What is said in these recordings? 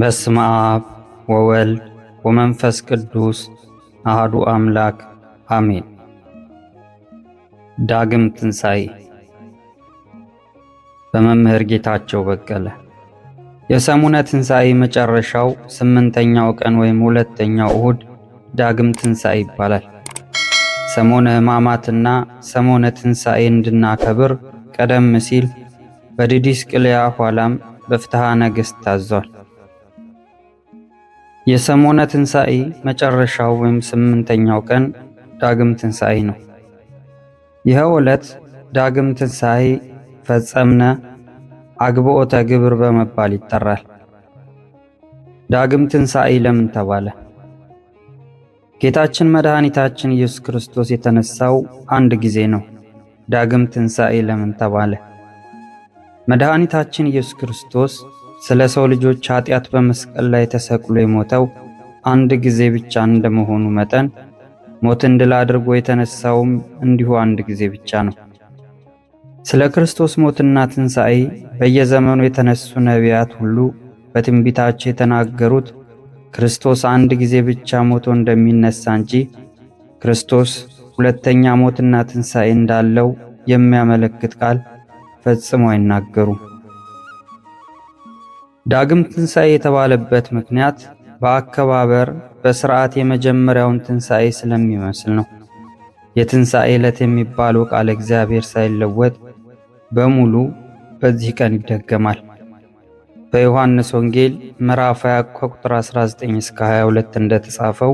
በስመ አብ ወወልድ ወመንፈስ ቅዱስ አህዱ አምላክ አሜን። ዳግም ትንሣኤ በመምህር ጌታቸው በቀለ። የሰሙነ ትንሣኤ መጨረሻው ስምንተኛው ቀን ወይም ሁለተኛው እሁድ ዳግም ትንሣኤ ይባላል። ሰሞነ ሕማማትና ሰሞነ ትንሣኤ እንድናከብር ቀደም ሲል በዲዲስቅልያ ኋላም በፍትሐ ነገሥት ታዟል። የሰሞነ ትንሣኤ መጨረሻው ወይም ስምንተኛው ቀን ዳግም ትንሣኤ ነው። ይኸው ዕለት ዳግም ትንሣኤ ፈጸምነ አግብኦተ ግብር በመባል ይጠራል። ዳግም ትንሣኤ ለምን ተባለ? ጌታችን መድኃኒታችን ኢየሱስ ክርስቶስ የተነሳው አንድ ጊዜ ነው። ዳግም ትንሣኤ ለምን ተባለ? መድኃኒታችን ኢየሱስ ክርስቶስ ስለ ሰው ልጆች ኃጢአት በመስቀል ላይ ተሰቅሎ የሞተው አንድ ጊዜ ብቻ እንደመሆኑ መጠን ሞትን ድል አድርጎ የተነሳውም እንዲሁ አንድ ጊዜ ብቻ ነው። ስለ ክርስቶስ ሞትና ትንሣኤ በየዘመኑ የተነሱ ነቢያት ሁሉ በትንቢታቸው የተናገሩት ክርስቶስ አንድ ጊዜ ብቻ ሞቶ እንደሚነሳ እንጂ ክርስቶስ ሁለተኛ ሞትና ትንሣኤ እንዳለው የሚያመለክት ቃል ፈጽሞ አይናገሩም። ዳግም ትንሣኤ የተባለበት ምክንያት በአከባበር በስርዓት የመጀመሪያውን ትንሣኤ ስለሚመስል ነው። የትንሣኤ ዕለት የሚባለው ቃል እግዚአብሔር ሳይለወጥ በሙሉ በዚህ ቀን ይደገማል። በዮሐንስ ወንጌል ምዕራፍ 20 ከቁጥር 19 እስከ 22 እንደተጻፈው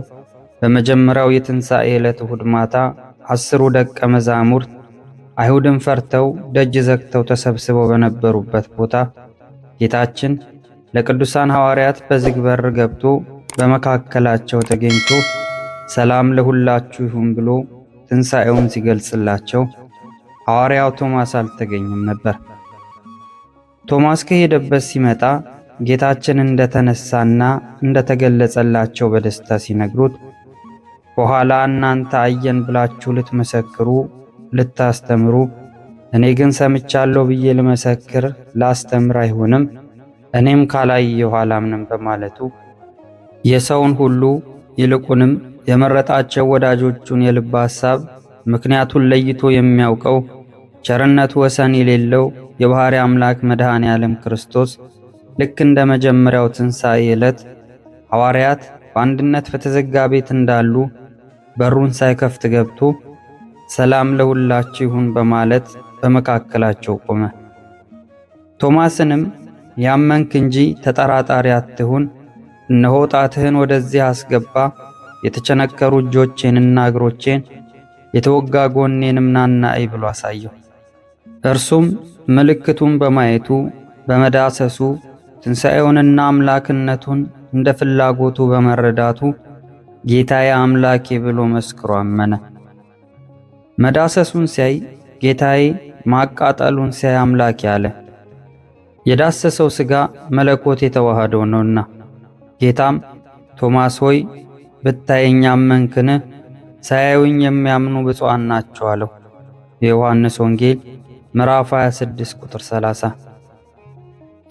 በመጀመሪያው የትንሣኤ ዕለት እሁድ ማታ አስሩ ደቀ መዛሙርት አይሁድን ፈርተው ደጅ ዘግተው ተሰብስበው በነበሩበት ቦታ ጌታችን ለቅዱሳን ሐዋርያት በዝግ በር ገብቶ በመካከላቸው ተገኝቶ ሰላም ለሁላችሁ ይሁን ብሎ ትንሣኤውን ሲገልጽላቸው ሐዋርያው ቶማስ አልተገኘም ነበር። ቶማስ ከሄደበት ሲመጣ ጌታችን እንደተነሳና እንደተገለጸላቸው በደስታ ሲነግሩት በኋላ እናንተ አየን ብላችሁ ልትመሰክሩ ልታስተምሩ፣ እኔ ግን ሰምቻለሁ ብዬ ልመሰክር ላስተምር አይሆንም እኔም ካላየሁ አላምንም በማለቱ የሰውን ሁሉ ይልቁንም የመረጣቸው ወዳጆቹን የልብ ሐሳብ ምክንያቱን ለይቶ የሚያውቀው ቸርነቱ ወሰን የሌለው የባሕርይ አምላክ መድኃኔ ዓለም ክርስቶስ ልክ እንደ መጀመሪያው ትንሣኤ ዕለት ሐዋርያት በአንድነት በተዘጋ ቤት እንዳሉ በሩን ሳይከፍት ገብቶ ሰላም ለሁላችሁ ይሁን በማለት በመካከላቸው ቆመ። ቶማስንም ያመንክ እንጂ ተጠራጣሪ አትሁን። እነሆ ጣትህን ወደዚህ አስገባ፣ የተቸነከሩ እጆቼንና እግሮቼን የተወጋ ጎኔንም ናና ብሎ አሳየው። እርሱም ምልክቱን በማየቱ በመዳሰሱ ትንሣኤውንና አምላክነቱን እንደ ፍላጎቱ በመረዳቱ ጌታዬ አምላኬ ብሎ መስክሮ አመነ። መዳሰሱን ሲያይ ጌታዬ፣ ማቃጠሉን ሲያይ አምላኬ አለ። የዳሰሰው ሥጋ መለኮት የተዋሃደው ነውና። ጌታም ቶማስ ሆይ ብታየኝ አመንክን? ሳያዩኝ የሚያምኑ ብፁዓን ናቸው አለው። የዮሐንስ ወንጌል ምዕራፍ 26 ቁጥር 30።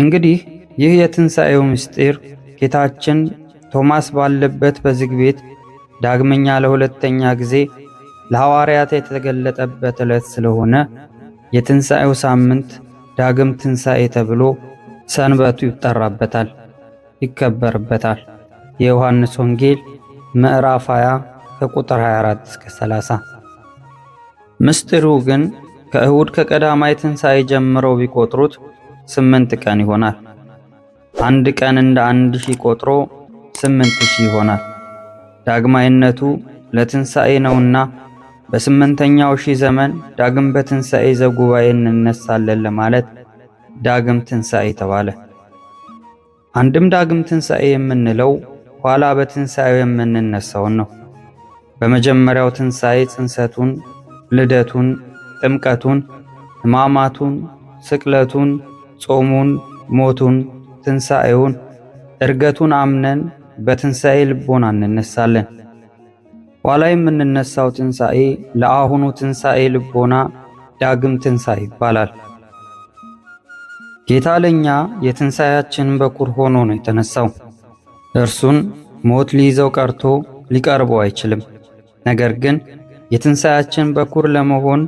እንግዲህ ይህ የትንሣኤው ምስጢር ጌታችን ቶማስ ባለበት በዝግ ቤት ዳግመኛ ለሁለተኛ ጊዜ ለሐዋርያት የተገለጠበት ዕለት ስለሆነ የትንሣኤው ሳምንት ዳግም ትንሣኤ ተብሎ ሰንበቱ ይጠራበታል፣ ይከበርበታል። የዮሐንስ ወንጌል ምዕራፍ 20 ከቁጥር 24 እስከ 30። ምስጢሩ ግን ከእሁድ ከቀዳማይ ትንሣኤ ጀምረው ቢቆጥሩት ስምንት ቀን ይሆናል። አንድ ቀን እንደ አንድ ሺህ ቆጥሮ ስምንት ሺህ ይሆናል። ዳግማይነቱ ለትንሣኤ ነውና በስምንተኛው ሺህ ዘመን ዳግም በትንሣኤ ዘጉባኤ እንነሳለን ለማለት ዳግም ትንሣኤ ተባለ። አንድም ዳግም ትንሣኤ የምንለው ኋላ በትንሣኤው የምንነሳውን ነው። በመጀመሪያው ትንሣኤ ጽንሰቱን፣ ልደቱን፣ ጥምቀቱን፣ ሕማማቱን፣ ስቅለቱን፣ ጾሙን፣ ሞቱን፣ ትንሣኤውን፣ እርገቱን አምነን በትንሣኤ ልቦና እንነሳለን። ኋላ የምንነሳው ትንሣኤ ለአሁኑ ትንሣኤ ልቦና ዳግም ትንሣኤ ይባላል። ጌታ ለእኛ የትንሣኤያችን በኩር ሆኖ ነው የተነሳው። እርሱን ሞት ሊይዘው ቀርቶ ሊቀርበው አይችልም። ነገር ግን የትንሣኤያችን በኩር ለመሆን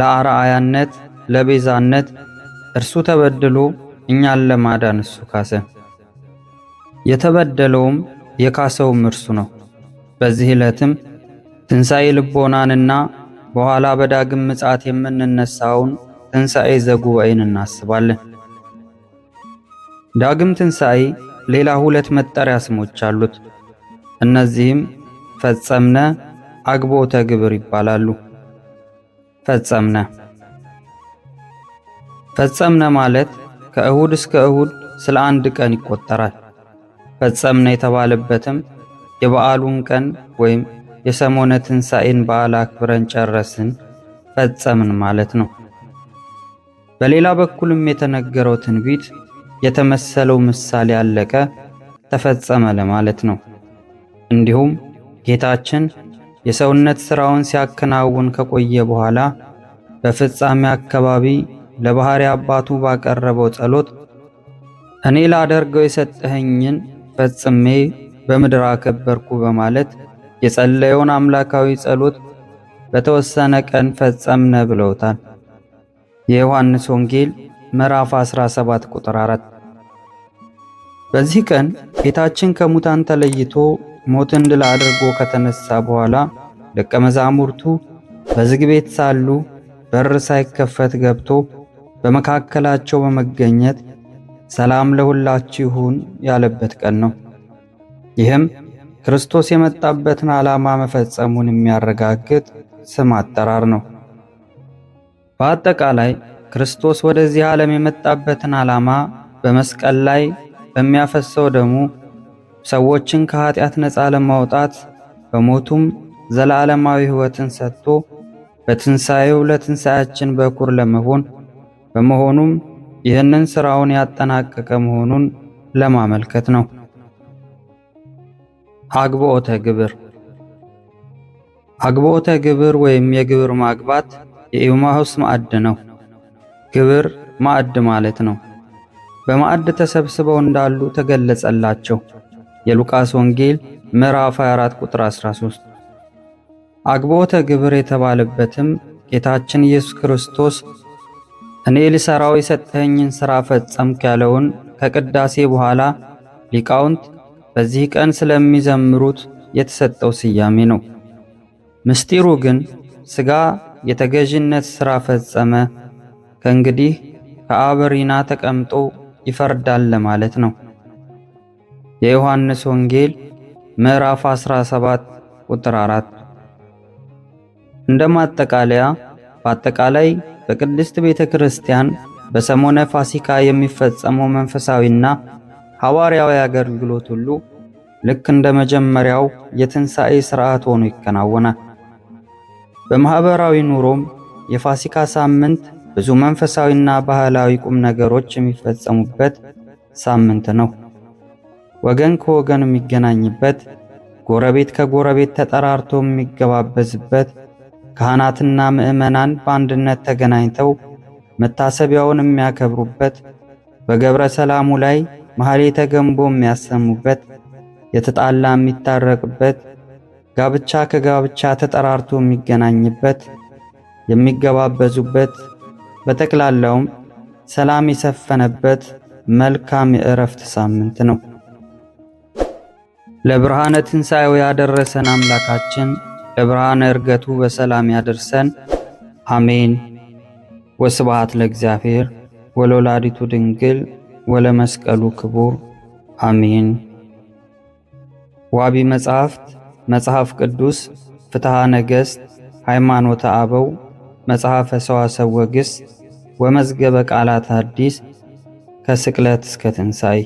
ለአርአያነት፣ ለቤዛነት እርሱ ተበድሎ እኛን ለማዳን እሱ ካሰ። የተበደለውም የካሰውም እርሱ ነው። በዚህ ዕለትም ትንሣኤ ልቦናንና በኋላ በዳግም ምጽአት የምንነሳውን ትንሣኤ ዘጉባኤን እናስባለን። ዳግም ትንሣኤ ሌላ ሁለት መጠሪያ ስሞች አሉት። እነዚህም ፈጸምነ፣ አግቦተ ግብር ይባላሉ። ፈጸምነ ፈጸምነ ማለት ከእሁድ እስከ እሁድ ስለ አንድ ቀን ይቆጠራል። ፈጸምነ የተባለበትም የበዓሉን ቀን ወይም የሰሞነ ትንሣኤን በዓል አክብረን ጨረስን ፈጸምን ማለት ነው። በሌላ በኩልም የተነገረው ትንቢት የተመሰለው ምሳሌ አለቀ ተፈጸመ ለማለት ነው። እንዲሁም ጌታችን የሰውነት ሥራውን ሲያከናውን ከቆየ በኋላ በፍጻሜ አካባቢ ለባሕሪ አባቱ ባቀረበው ጸሎት እኔ ላደርገው የሰጠኸኝን ፈጽሜ በምድር አከበርኩ በማለት የጸለየውን አምላካዊ ጸሎት በተወሰነ ቀን ፈጸምነ ብለውታል። የዮሐንስ ወንጌል ምዕራፍ 17 ቁጥር 4። በዚህ ቀን ጌታችን ከሙታን ተለይቶ ሞትን ድል አድርጎ ከተነሳ በኋላ ደቀ መዛሙርቱ በዝግ ቤት ሳሉ በር ሳይከፈት ገብቶ በመካከላቸው በመገኘት ሰላም ለሁላችሁ ይሁን ያለበት ቀን ነው። ይህም ክርስቶስ የመጣበትን ዓላማ መፈጸሙን የሚያረጋግጥ ስም አጠራር ነው። በአጠቃላይ ክርስቶስ ወደዚህ ዓለም የመጣበትን ዓላማ በመስቀል ላይ በሚያፈሰው ደሙ ሰዎችን ከኃጢአት ነፃ ለማውጣት በሞቱም ዘላለማዊ ሕይወትን ሰጥቶ በትንሣኤው ለትንሣያችን በኩር ለመሆን በመሆኑም ይህንን ሥራውን ያጠናቀቀ መሆኑን ለማመልከት ነው። አግብኦተ ግብር አግብኦተ ግብር ወይም የግብር ማግባት የኢማሁስ ማዕድ ነው። ግብር ማዕድ ማለት ነው። በማዕድ ተሰብስበው እንዳሉ ተገለጸላቸው። የሉቃስ ወንጌል ምዕራፍ 24 ቁጥር 13። አግብኦተ ግብር የተባለበትም ጌታችን ኢየሱስ ክርስቶስ እኔ ልሰራው የሰጠኸኝን ሥራ ፈጸምክ ያለውን ከቅዳሴ በኋላ ሊቃውንት በዚህ ቀን ስለሚዘምሩት የተሰጠው ስያሜ ነው። ምስጢሩ ግን ሥጋ የተገዥነት ሥራ ፈጸመ፣ ከእንግዲህ ከአበሪና ተቀምጦ ይፈርዳል ለማለት ነው። የዮሐንስ ወንጌል ምዕራፍ 17 ቁጥር 4። እንደ ማጠቃለያ በአጠቃላይ በቅድስት ቤተ ክርስቲያን በሰሞነ ፋሲካ የሚፈጸመው መንፈሳዊና ሐዋርያዊ አገልግሎት ሁሉ ልክ እንደ መጀመሪያው የትንሣኤ ሥርዓት ሆኖ ይከናወናል። በማኅበራዊ ኑሮም የፋሲካ ሳምንት ብዙ መንፈሳዊና ባህላዊ ቁም ነገሮች የሚፈጸሙበት ሳምንት ነው። ወገን ከወገን የሚገናኝበት፣ ጎረቤት ከጎረቤት ተጠራርቶ የሚገባበዝበት፣ ካህናትና ምዕመናን በአንድነት ተገናኝተው መታሰቢያውን የሚያከብሩበት፣ በገብረ ሰላሙ ላይ መሐሌተ ገንቦ የሚያሰሙበት፣ የተጣላ የሚታረቅበት፣ ጋብቻ ከጋብቻ ተጠራርቶ የሚገናኝበት፣ የሚገባበዙበት፣ በጠቅላላውም ሰላም የሰፈነበት መልካም የእረፍት ሳምንት ነው። ለብርሃነ ትንሣኤው ያደረሰን አምላካችን ለብርሃነ እርገቱ በሰላም ያደርሰን። አሜን። ወስብሐት ለእግዚአብሔር ወለወላዲቱ ድንግል ወለመስቀሉ ክቡር አሚን ዋቢ መጻሕፍት መጽሐፍ ቅዱስ፣ ፍትሐ ነገሥት፣ ሃይማኖተ አበው፣ መጽሐፈ ሰዋስው ወግስ ወመዝገበ ቃላት አዲስ ከስቅለት እስከ ትንሣኤ